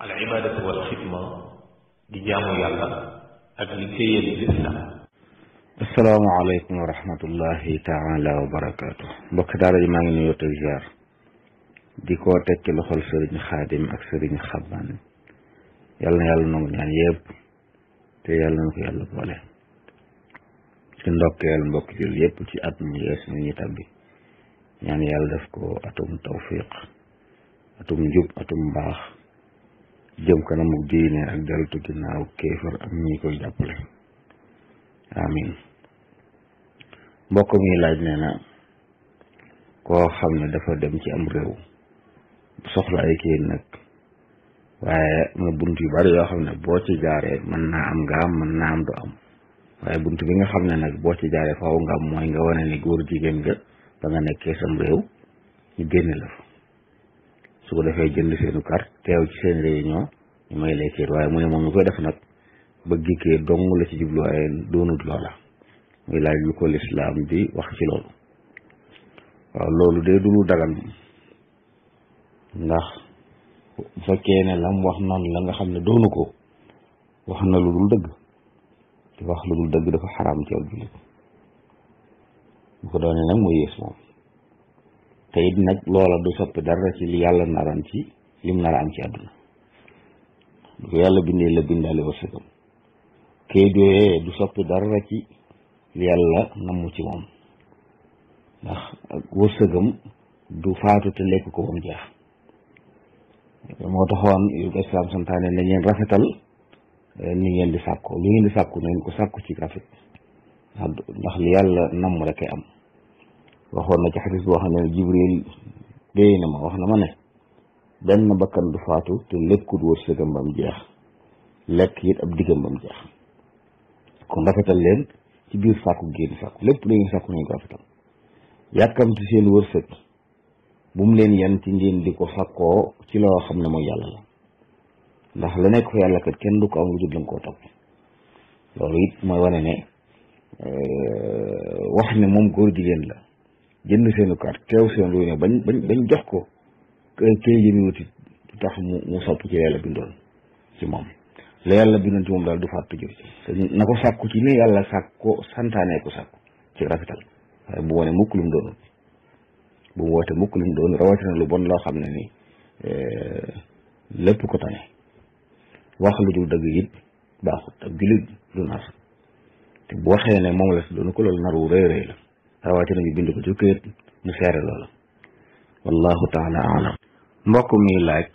al ibaadatu wal xidma di jaamu yàlla ak liggéeyal lislam asalaamaaleykum wa rahmatullahi taala wa barakaatu mbokk daara ji maa ngi nuyoo teg ziar di ko teg ci loxol sëriñ xaadim ak sëriñ xaban yàlla na yàlla nangu ñaan yëpp te yàlla na ko yàlla boole ci ndokkeel mbokk jul yëpp ci at mu yees mi ñu tabbi ñaan yàlla def ko atum tawfiq atum jub atum baax jëm kanamu diine ak deltu ginnaaw kéefar ak ñi koy jàppale amin mbokk mi laaj nee na koo xam ne dafa dem ci am réew soxla ay kii nag waaye am na bunt yu bari yoo xam ne boo ci jaaree mën naa am nga man na am du am waaye bunt bi nga xam ne nag boo ci jaaree faaw nga am mooy nga wane ni góor jigéen nga ba nga nekkee sam réew ñu génne la fa su ko defee jënd seenu carte teew ci seen réunion ñu may lay kayit waaye mu ne moom mi koy def nag bëgg kee dong la ci jublu waaye doonut loola muy laaj lu ko lislaam bi wax ci loolu waaw loolu de du lu dagan ndax bu fekkee ne lam wax noonu la nga xam ne doonu ko wax na lu dul dëgg te wax lu dul dëgg dafa xaraam ci ab jullit bu ko doonee nag mooy yées moom te it nag loola du soppi dara ci li yàlla naraan ci lim naraan ci àdduna du yàlla bindee la bindaale wërsëgam kayit yooyee du soppi dara ci li yàlla namu ci moom ndax wërsëgam du faatu te lekk ko ba mu jeex moo taxoon yu islaam santaane ne ngeen rafetal eh, ni ngeen di sàkku li ngeen di sàkku na ngeen ko sàkku ci rafet ndax li yàlla namm rek ay am waxoon na ci xadis boo xam ne jibril déy na ma wax na ma ne benn bakkan du faatu te lekkut wërsëgam ba mu jeex lekk it ab diggam ba mu jeex kon rafetal leen ci biir sàkku génn sàkku lépp lu ngeen sàkku nañ ko rafetal yàkkamti seen wërsëg bu mu leen yan ci ngeen di ko sàkkoo ci loo xam ne mooy yàlla la ndax la nekk fa yàlla kat kenn du ko am lu dul la koo topp loolu it mooy wane ne eh, wax ne moom góor jigéen la jënd seenu carte teew seen réunion bañ bañ bañ jox ko këy yi wuti tax mu mu sopp ci yàlla bindoon ci moom la yàlla bindoon ci moom daal du fàtte jur ci na ko sàkku ci ne yàlla sàkk ko santaanee ko sàkku ci rafetal waaye bu wone mukk lu mu bu woote mukk lu mu doon rawatina lu bon loo xam ne ni eh, lépp ko tane wax lu dul dëgg it baaxut ak jullit lu nar te bu waxee ne moom la si doon ko loolu naru rëy rëy la rawatina ñu bind ko ci këyit ñu seere loolu wallahu taala alam mbokk mi laaj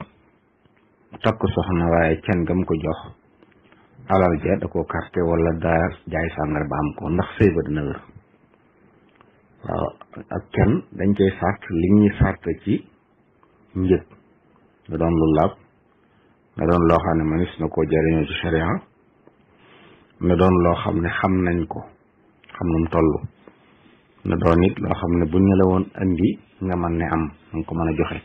takk soxna waaye can gam ko jox alal ja da ko carte wala da jaay sàngar ba am ko ndax sëy ba dina wér waaw ak can dañ koy sart li ñuy sart ci njëg nga doon lu laab nga doon loo xam ne manis na koo jëriñoo ci sharia nga doon loo xam ne xam nañ ko xam num toll na doon it loo xam ne bu ne la woon andi nga man ne am nga ko mën a joxe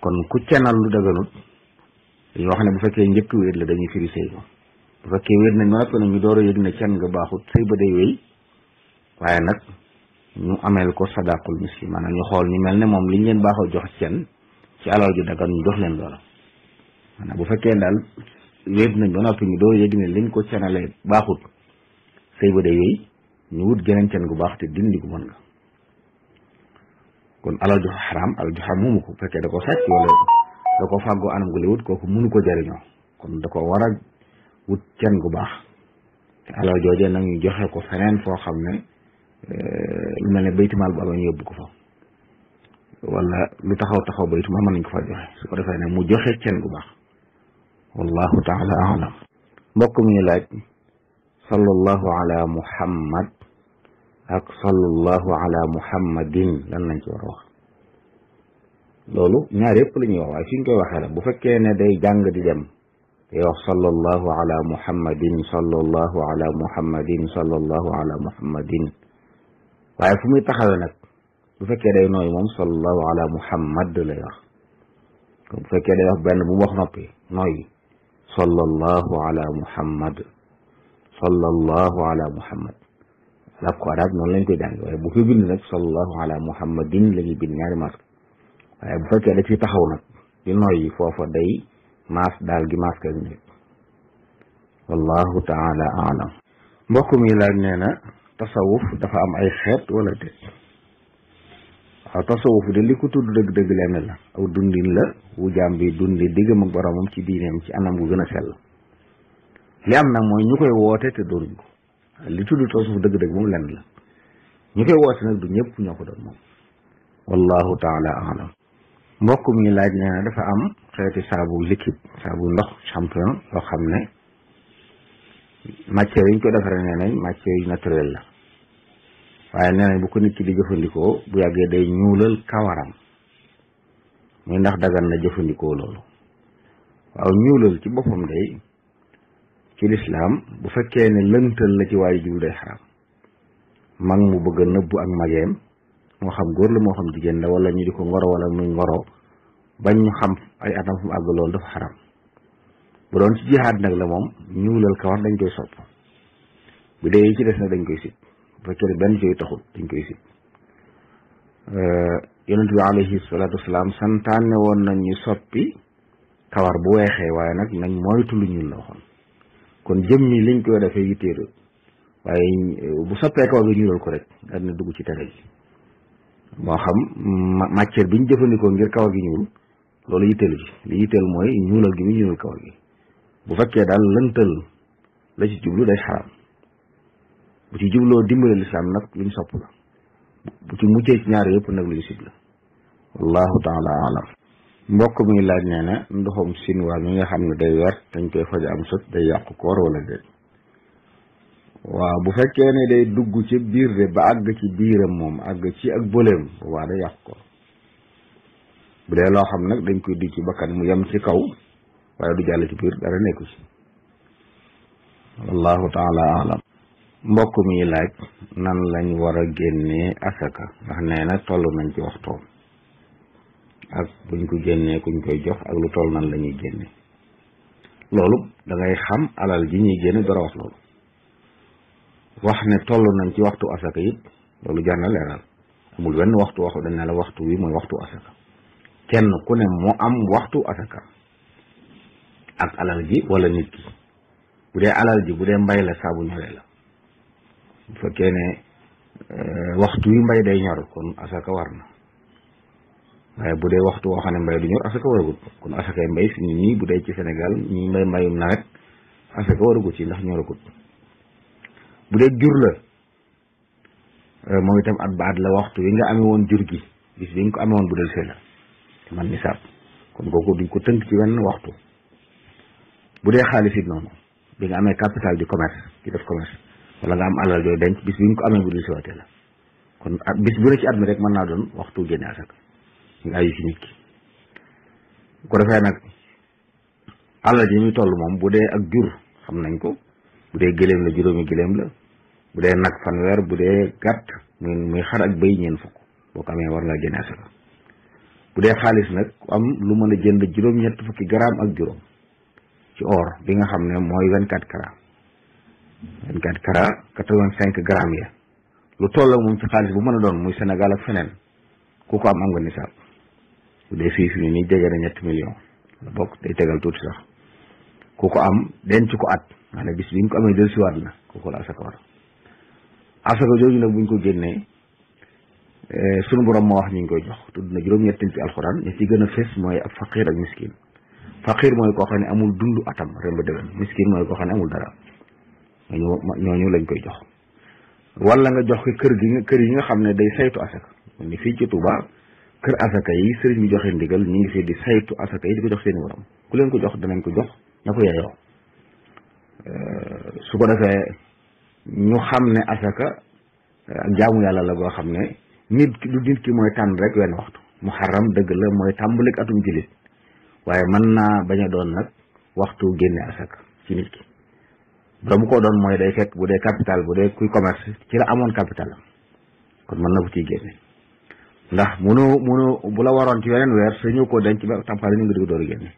kon ku canal lu daganut dañu wax ne bu fekkee njëkk wéet la dañuy firi sëy ba bu fekkee wéet nañ ma ko ne ñu door a yëg ne can ba day waaye nag ñu ko sadaqul miskin maanaam ñu xool ñu mel ne moom liñ leen baaxoo jox ci alal ju dagan ñu jox leen loola maanaam bu fekkee daal wéet nañ ba noppi ñu door yëg ne liñ ko canalee baaxut sëy ba day wéy ñu wut geneen cen gu baax te dindi ko mën nga kon alal ju xaraam alal ju xaraam moomu ko fekkee da ko sàcc wala da ko fàggoo anam gu wut kooku mënu ko jëriñoo kon da ko war a wut cen gu baax te alal joojee nag ñu joxe ko feneen foo xam ne eh, lu mel ne baytimaal mal amee ñu yóbbu ko fa wala lu taxaw taxaw baytimaal mën nañ ko fa joxe su ko defee ne mu joxe cen gu baax wallahu taala alam mbokk mi laaj sallallahu ala muhammad ak sallallahu ala muhammadin lan lañ ci war loolu ñaar yëpp la ñuy wax waaye fi ñu bu fekkee ne day jàng di dem day wax sallallahu ala muhammadin sallallahu ala muhammadin sallallahu ala muhammadin waaye fu muy taxawee nag bu fekkee day nooy mom sallallahu ala muhammad lay wax bu fekkee day wax benn bu mu ala muhammad sallallahu ala muhammad làkku arab noonu lañ koy jàng waaye bu koy bind nag sallallahu ala muhammadin la ñuy bind ñaari masque waaye bu fekkee da ciy taxaw nag di noyyi foofa day maas daal gi masque ak ñëpp wallahu taala alam mbokk mi laaj nee na tasawuf dafa am ay xeet wala te waaw tasawuf de li ko tudd dëgg-dëgg lenn la aw dundin la wu jaam bi dundi diggam ak boromam ci diineem ci anam gu gën a sell li am nag mooy ñu koy woote te dóoruñ li tudd tasawuf dëgg-dëgg moom lenn la ñu koy woote nag du ñëpp ñoo ko doon moom wallahu taala alam mbokk mi laaj nee na dafa am xeeti saabu liquide saabu ndox champion loo xam ne matière yi ñu ko defaree nee nañ matière yu naturel la waaye nee bu ko nit di jëfandikoo bu yàggee day ñuulal kawaram muy ndax dagan na jëfandikoo loolu waaw ñuulal ci boppam day ci lislaam bu fekkee ne lëntal la ci waaye jublu day xaraam mag mu bëgg a nëbbu ak mageem moo xam góor la moo xam jigéen la wala ñu di ko ngoro wala muy ngoro bañ ñu xam ay atam fu mu àgg loolu dafa xaram bu doon ci jihaad nag la moom ñuulal kawar dañ koy sopp bu dee yi ci des nag dañ koy sib bu fekkee ne benn joy taxul dañ koy sib euh, yonent bi alayhi salaatu wasalaam santaane woon nañu soppi kawar bu weexee waaye nag nañ moytu lu ñuul la kon jëmmi liñ koy defee yitteelu waaye bu soppee kaw bi ñuulal ko rek daan na dugg ci tane bi moo xam matière bi ñu jëfandikoo ngir kaw gi ñuul loolu yitteelu ci li yitteel mooy ñuulal gi mu ñuulal kaw gi bu fekkee daal lëntal la ci jublu day xaraam bu ci jubloo dimbale lislaam nag luñ sopp la bu ci muccee ci ñaar yëpp nag luñ sib la wallahu taala alam mbokk mi laaj nee na ndoxum sinwaa mi nga xam ne day wer dañ koy faj am sut day yàqu koor wala déet waaw bu fekkee ne day dugg ci biir de ba àgg ci biiram moom àgg ci ak bëleem waa day yàqu koor bu dee loo xam nag dañ koy dig ci bakkan mu yem ci kaw waaye du jàll ci biir dara nekku ci wallahu taala alam mbokk mi laaj nan lañ war a génnee asaka ndax nee na toll nañ ci waxtoom ak buñ ko génnee kuñ koy jox ak lu toll nan la ñuy génne loolu dangay xam alal ji ñuy génne dara wax loolu wax ne toll nañ ci waxtu asaka it loolu jar na leeral amul wenn waxtu wax dañ ne la waxtu wi mooy waxtu asaka kenn ku ne moo am waxtu asaka ak alal ji wala nit ki bu dee alal ji bu dee mbay la saabu ñoree la bu fekkee euh, waxtu wi mbay day ñor kon asaka war na waaye bu dee waxtu woo xam ne mbay du ñor asaka waragut kon asakay mbay fi ñu nii bu dee ci Sénégal ñi mbay mbayum nawet asaka waragut ci ndax ñoragut bu dee jur la euh, moom itam at ba at la waxtu wi nga amee woon jur gi bis ko amee woon bu del see la te man nisaab ko tënk ci wenn waxtu bu dee xaalis it noonu bi nga amee capital di commerce di def commerce wala nga am alal yooyu denc bis bi nga ko amee bu del si waatee la kon at bis bu ne ci at mi rek mën naa doon waxtu génne asaka ñu aju ci nit ki bu defee nag alal ji ñu toll moom bu dee ak jur xam nañ ko bu dee gëléem la juróomi gëléem la bu dee nag fanweer bu dee gàtt muy muy xar ak béy ñeen fukk boo ko amee war la génne asaka bu dee xaalis nag am lu mën a jënd juróom-ñett fukki garaam ak juróom ci or bi nga xam ne mooy vingt quatre carats vingt quatre carats cinq grammes ya lu toll ak moom ci xaalis bu mën a doon muy Sénégal ak feneen ku ko am am nga nisaab bu dee fii fi ni jege na ñetti million la bokk day tegal tuuti sax ku ko am denc ko at maanaam bis bi nga ko amee del siwaat na kooku la asaka war asaka jooju nag buñ ko génnee eh, sunu borom moo wax ñu ngi koy jox tudd na juróom-ñettil ci alxuraan ñi ci gën a fes mooy ab faqir ak miskin faqir mooy koo xam ne amul dund atam ren ba déwén miskin mooy koo xam ne amul dara ñooñu ñooñu lañ koy jox wala nga jox ko kër yi nga xam ne day saytu asaka ni fii ci Touba kër asaka yi sëriñ bi joxe ndigal ñu ngi fi di saytu asaka yi di ko jox seen waram ku leen ko jox danañ ko jox ña ko yeyoo euh, su ko defee ñu xam ne asaka ak euh, jaamu yàlla la goo xam ne nit ki du nit ki mooy tànn rek wenn waxtu muharram dëgg la mooy tàmbalik atum jullit waaye mën naa bañ doon nag waxtu génne asaka ci nit ki ba mu doon mooy day fekk bu dee capital bu dee kuy commerce ci la amoon capital kon mën na ko ciy génne ndax mënoo mënoo bu la waroon ci yeneen weer sa ñëw koo denc ba tam xarit ñu ngi dugg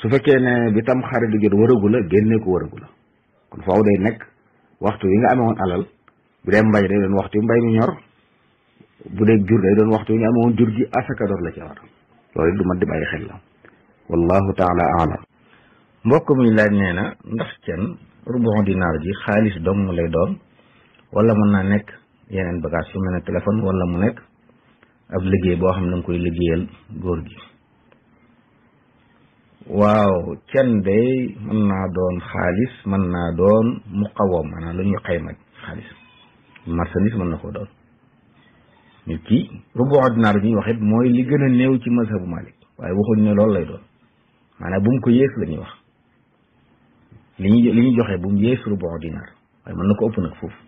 su fekkee ne bi tam xarit di jot waragu la génne ko waragu la kon faaw day nekk waxtu yi nga amee woon alal bu dee mbay day doon waxtu mbay mi ñor bu dee jur day doon waxtu yi nga amee woon jur ji asaka door la ci war loolu it du mat di bàyyi xel la wallahu taala alam mbokk mi laaj nee ndax cen rubon dinaar ji xaalis dong lay doon wala mën naa nekk yeneen bagage yu mel ne téléphone mu nekk ab liggéey boo xam ne danga koy liggéeyal góor gi waaw can day mën naa doon xaalis mën naa doon muqawam maanaam lu xay xayma xaalis marchandise mën na koo doon nit ki rubu dinaar ñuy wax it mooy li gën a néew ci mazhabu Malik waaye waxuñ ne loolu lay doon maanaam bu mu ko yées lañuy wax li ñu li ñu joxe bu mu yées rubu dinaar waaye mën na ko ëpp nag foofu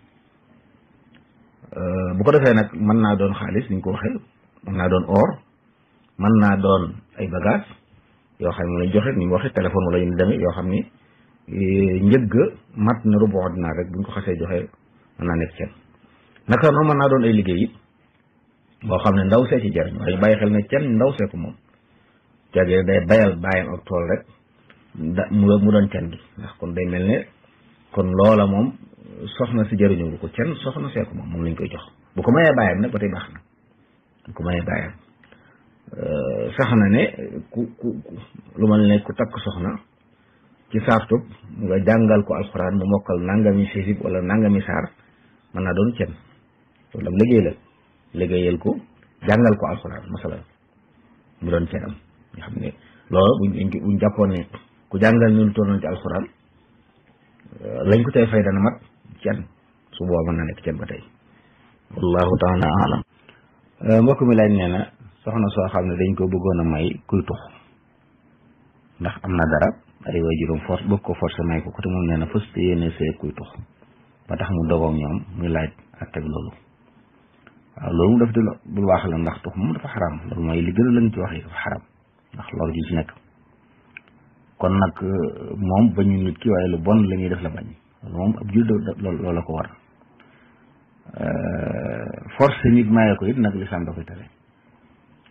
Euh, bu ko defee nag mën naa doon xaalis ni ko waxee mën naa doon or mën naa doon ay bagage yoo xam ne lay joxe ni mu waxee téléphone wala yu demee yoo xam ni eh, njëgg mat na rubu ordinaire rek bu ko xasee joxe mën naa nekk kenn naka noonu mën naa doon ay liggéey it boo xam ne ndaw see ci jariñ waaye bàyyi xel ne kenn ndaw see ko moom jagee day bayal bàyyam ak tool rek da mu doon can gi ndax kon day mel ne kon loola moom soxna si jëriñoo ko kenn soxna see moom moom lañ koy jox bu ko mayee bàyyam nag ba tey baax na bu ko mayee bàyyam sax euh, na ne ku ku lu ma ne ku takk soxna ci saartub nga jàngal ko alxuraan mu mokkal nangami sisib wala nangami saar mën naa doon kenn loolu am liggéey la ko jàngal ko alxuraan masalan mu doon kenn am nga xam ne loolu buñ buñ jàppoon ne ku jàngal ñu lu ci alxuraan euh, lañ ko tey fay dana mat cen su booba na nekk cen ba tey wallahu taala alam euh, mbokk mi laaj na soxna soo xam ne dañ koo bëggoon a may kuy tux ndax am na dara ay waajuram force bëgg ko force may ko ko te moom nee na fës yéene see kuy tux ba tax mu dogoog ñoom muy laaj ak teg loolu waaw loolu mu def di lu baax la ndax tux moom dafa xaram loolu mooy li gën a lañ ci wax yi dafa xaram ndax loolu ji ci nekk kon nag euh, moom bañu nit ki waaye lu bon la ñuy def la bañ moom ab jullit loolu la ko war euh, force nit maye ko it nag lislaam da koy tere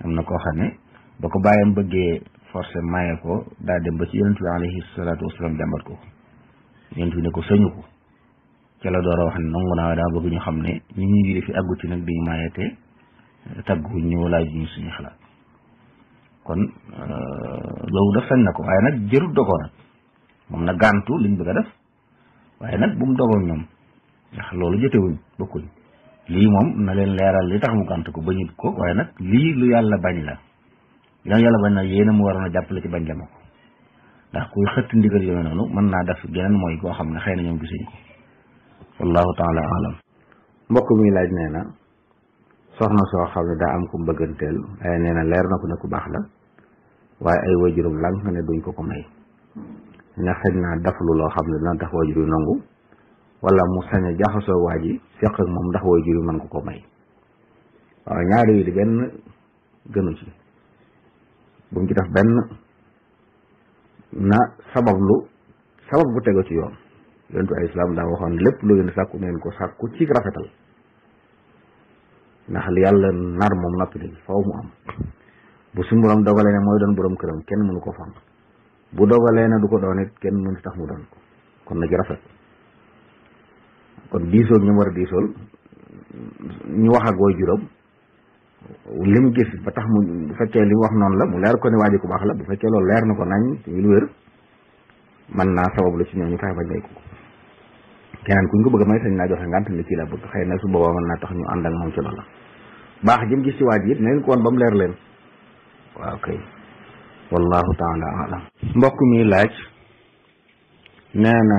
am na koo xam ne ba ko bàyyam bëggee force maye ko daa dem ba ci yonent bi alayhi salaatu wasalaam ko yonent bi ko sëñu la door wax ne nangu bëgg ñu xam ne ñi ñu ngi fi àggu ci nag bi ñu maye te euh, taggu ñu laaj ñu suñu xalaat kon euh, loolu daf sañ na ko waaye nag jërut da koo nag moom na gàntu liñ bëgg a def waaye nag bu mu dogoog ñoom ndax loolu jotewuñ bokkuñ lii moom na leen leeral li tax mu gànt ko bañut ko waaye nag lii lu yàlla bañ la ginnaaw yàlla bañ na yéena mu waroon a jàppale ci bañ la ma ko ndax kuy xëtt ndigal yooyu noonu mën naa def geneen mooy koo xam ne xëy na ñoom gisuñ ko wallahu taala alam mbokk mi laaj nee na soxna soo xam ne daa am ku bëgganteel waaye nee na leer na ko ne ku baax la waaye ay waajuram lànk ne duñ ko ko may ñax xëy naa lu loo xam ne dina tax waajur yi nangu wala mu sañ a jaxasoo waa ji seq ak moom ndax waajur yi mën ko ko may waaw ñaari yi di benn gënu ci bu mu ci def benn na sabablu sabab bu tego ci yoon yontu ay islaam daa waxoon lépp lu ngeen sàkku neen ko sàkku ci rafetal ndax li yàlla nar moom noppi faw mu am bu suñu borom dogalee ne mooy doon borom këram kenn mënu ko fànq bu dogalee na du ko doon kenn kenn mënut tax mu doon ko kon na ci rafet kon diisool ñu war a diisool ñu wax ak way juróom lim gis ba tax mu bu fekkee li mu wax noonu la mu leer ko ne waaji ku baax la bu fekkee loolu leer na ko nañ ci lu wér mën naa sabab la ci ñooñu fexe bañ may ko keneen kuñ ko bëgg may sañ naa joxe ngant ne kii xëy na su boobaa mën tax ñu ànd ak moom ci la baax jëm gis ci waaj it ne leen ko ba mu leer leen waaw kay wallahu taala alam mbokk mi laaj nee na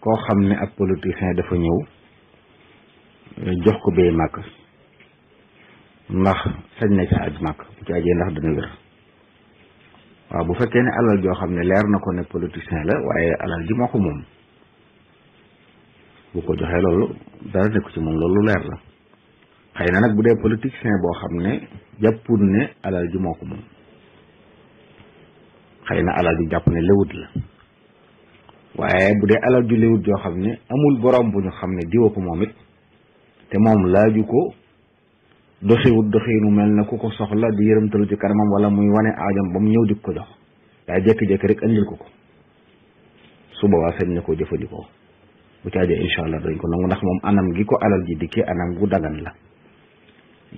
koo xam ne ab politicien dafa ñëw eh, jox ko bay màkk ndax sañ na ca aj màkk bu ci ajee ndax dana wér waaw bu fekkee ne alal joo xam ne leer na ko ne politicien la waaye alal ji moo ko moom bu ko joxee loolu dara nekku ci moom loolu leer la xëy na nag bu dee politicien boo xam ne jàppul ne alal ji moo ko moom xëy na alal ju jàpp ne léwut la waaye bu dee alal ju léwut joo xam ne amul borom bu ñu xam ne diwa ko moom it te moom laaju ko doxiwut doxiinu mel na ku ko soxla di yërëmtalu ci kanamam wala muy wane aajam ba mu ñëw di ko jox daa jékki-jékki rek andil ko ko su boobaa sañ na koo jëfandikoo bu caajee incha allah dañ ko nangu ndax moom anam gi ko alal ji dikkee anam gu dagan la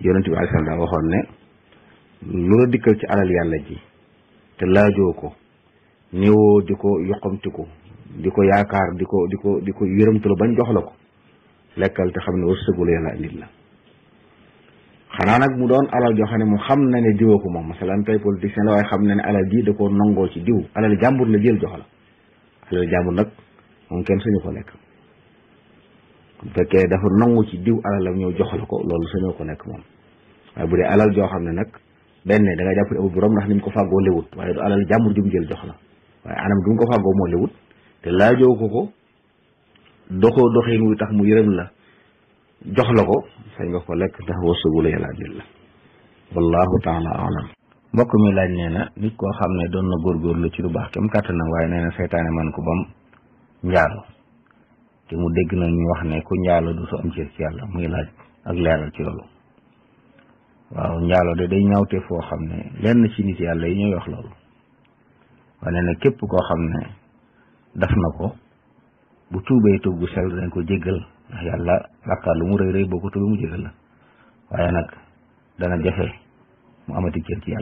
yonent bi aleyhi salaam daa waxoon ne lu la dikkal ci alal yàlla ji te laajoo ko néewoo di ko yoqamtiku di ko yaakaar di ko di ko di ko yërëmtalu bañ jox la ko lekkal te xam ne wërsëgu la yàlla indil la xanaa nag mu doon alal joo ne mu xam na ne diwoo ko moom masalan tey politicien la waaye xam na ne alal ji da koo ci diw alal jàmbur la jël jox la alal nag moom kenn suñu ko lekk bu nangu ci diw alalam ñëw jox la ko loolu ko lekk moom waaye bu dee alal joo xam ne nag benn da nga jàpp ne amul borom ndax ni mu ko fàggoo lewut waaye du alal jàmbur jum jël jox la waaye anam du mu ko fàggoo moo lewut te laajoo ko ko doxoo doxin wu tax mu yërëm la jox la ko sañ nga ko lekk ndax wërsëgu la yàlla jël la wallahu taala alam mbokk mi laaj nee na nit koo xam ne doon na góorgóorlu ci lu baax kem kàttanam waaye nee na seytaane man ko bam njaalo te mu dégg na ñu wax ne ku njaalo du su am ci yàlla muy laaj ak leeral ci loolu waaw njaalo de day ñawte foo xam ne lenn ci nit yàlla yi ñooy wax loolu wane képp koo xam ne daf na ko bu tuubee tuub gu sell dañ ko jéggal yàlla bàkkaar lu mu rëy rëy boo ko tuubee waaye nag dana jafe mu amati cër ci ci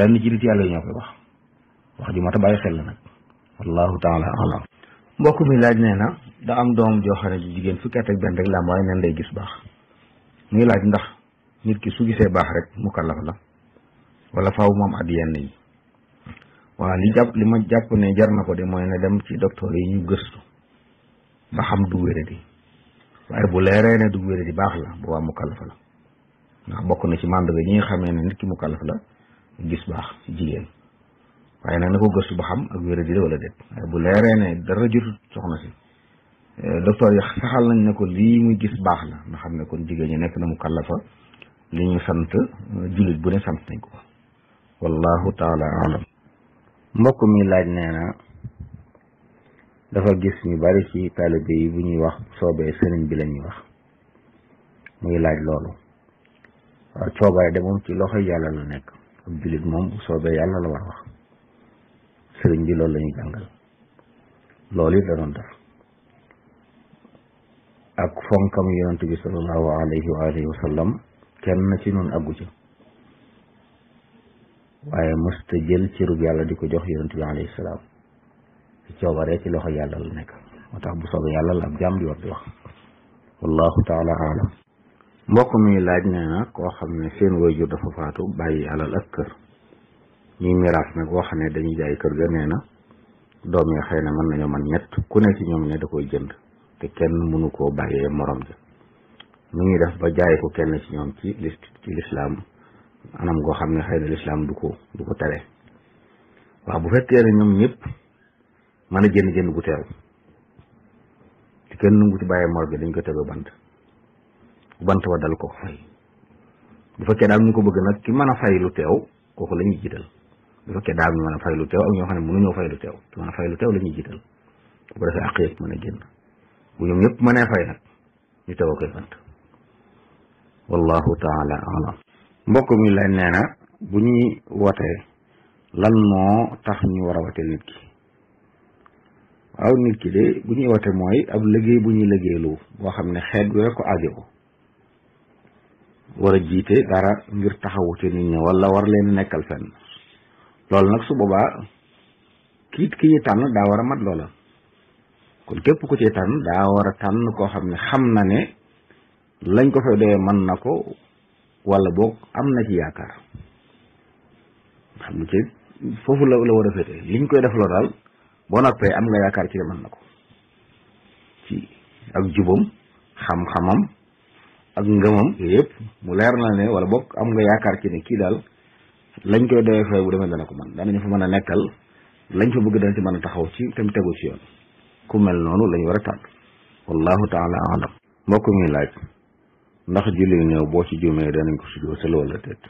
nit yàlla yi ñoo koy wax wax ju mat a bàyyi xel la nag wallahu taala alam mbokk mi laaj nee na da am doom joo xam ne ju jigéen fukki at ak benn rek la waaye neen day gis baax muy laaj ndax nit ki su gisee baax rek mukallaf la wala faaw moom at yenn yi waaw li jàpp li ma jàpp ne jar na ko de mooy ne dem ci docteur yi ñu gëstu ba xam du wéradi waaye bu leeree ne du wéradi baax la bu waa mukallaf la ndax bokk na ci mandarga yi nga xamee ne nit ki mukallaf la gis waaye nag na ko gëstu ba xam ak wéradi la wala déet bu leeree ne dara jotut soxna si eh, docteur yi saxal nañ ne ko lii muy gis baax la nga xam ne kon jigéen ñu nekk na mukallafa li ñu sant jullit bu ne sant nañ ko wallahu taala alam mbokk mi laaj nee na dafa gis ñu bari ci taalibe bu ñuy wax soobee sëriñ bi la ñuy wax muy laaj loolu waaw coobaay de ci loxo yàlla la nekk ab jullit moom bu soobee yàlla la war a wax sëriñ bi loolu la ñuy jàngal loolu it la doon def ak fonkam yonent bi sallallahu alayhi wa alihi wa kenn ci noonu àggu ca waaye mësta jël cërub yàlla di ko jox yonent bi alayhi salaam ci coobare ci loxo yàlla la nekk moo tax bu soobee yàlla la ab jaam di war di wax wallahu taala alam mbokk mi laaj nee na koo xam ne seen waajur dafa faatu bàyyi alal ak kër ñuy miraas nag boo xam ne dañu jaay kër ga nee na doom yi xëy na mën nañoo man ñett ku ne ci ñoom ne da koy jënd te kenn mënu koo bàyyee morom ja nu ñuy def ba jaay ko kenn ci ñoom ci ci lislaam anam goo xam ne xëy na lislaam du ko du ko tere waaw bu fekkee ne ñoom ñëpp mën a jënd jënd gu teew ci kenn dañ ko tege bant bant wa dal ko ko fay ko bëgg nag ki mën lu teew kooku la ñuy jiital bu fekkee daal ñu a lu teew ak ñoo xam ne mënuñoo fay lu teew ki mën a lu teew la ñuy jiital bu defee mën a génn bu koy bant wallahu taala alam mbokk mi lay nee na bu ñuy watee lan moo tax ñu war a wate nit ki waaw nit ki de bu ñuy wate mooy ab liggéey bu ñuy liggéeylu boo xam ne xeet wee ko ajo war a jiite dara ngir taxawu ci nit ñi wala war leen nekkal fenn loolu nag su boobaa ki ñu tànn daa war a mat loola kon képp ku ci tànn daa war a tànn koo xam ne xam na ne lañ ko fay doyee man na ko wala boog am na ci yaakaar xam nga ci foofu la la war a féete liñ koy def loo daal boo noppee am nga yaakaar ci ne mën na ko ci ak jubam xam-xamam ak ngëmam yëpp mu leer na ne wala boog am nga yaakaar ci ne kii daal lañ koy doyee fay bu demee dana ko mën danañu fa mën a nekkal lañ fa bëgg dana ci mën a taxaw ci tam tegu ci yoon ku mel noonu la war a tànn wallahu taala alam mbokk laaj ndax julli néew boo ci juumee danañ ko sujjóotal wala déet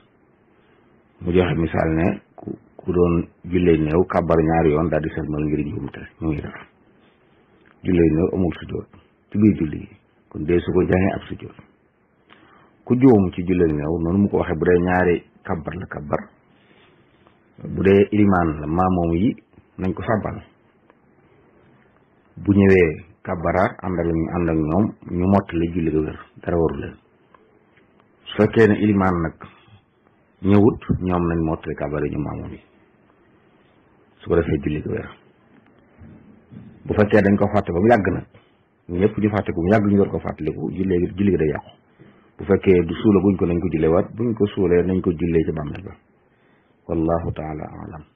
mu joxe misaal ne ku doon julli néew kàbbar ñaari yoon daal di sëlmal ngir njuumte mu ngi def julli néew amul sujjóot ci biir julli gi kon dee su ko jàngee ab sujjóot ku juum ci julli néew noonu mu ko waxee bu dee ñaari kàbbar la kàbbar bu dee ilimaan la maamoom yi nañ ko sàbbal bu ñëwee kabaraat ànd ak ñu ànd ak ñoom ñu mottali julli ga dara waru su fekkee ne ilimaan nag ñëwut ñoom nañ mottali kabara ñu maamoom yi su ko defee julli ga bu fekkee dañ ko fàtte ba yàgg nag ñëpp di fàtte ko mu yàgg fàttaliku julli julli bu fekkee du suula guñ ko nañ ko jullee waat buñ ko suulee dañ ko jullee ci bàmmeel ba wallahu taala alam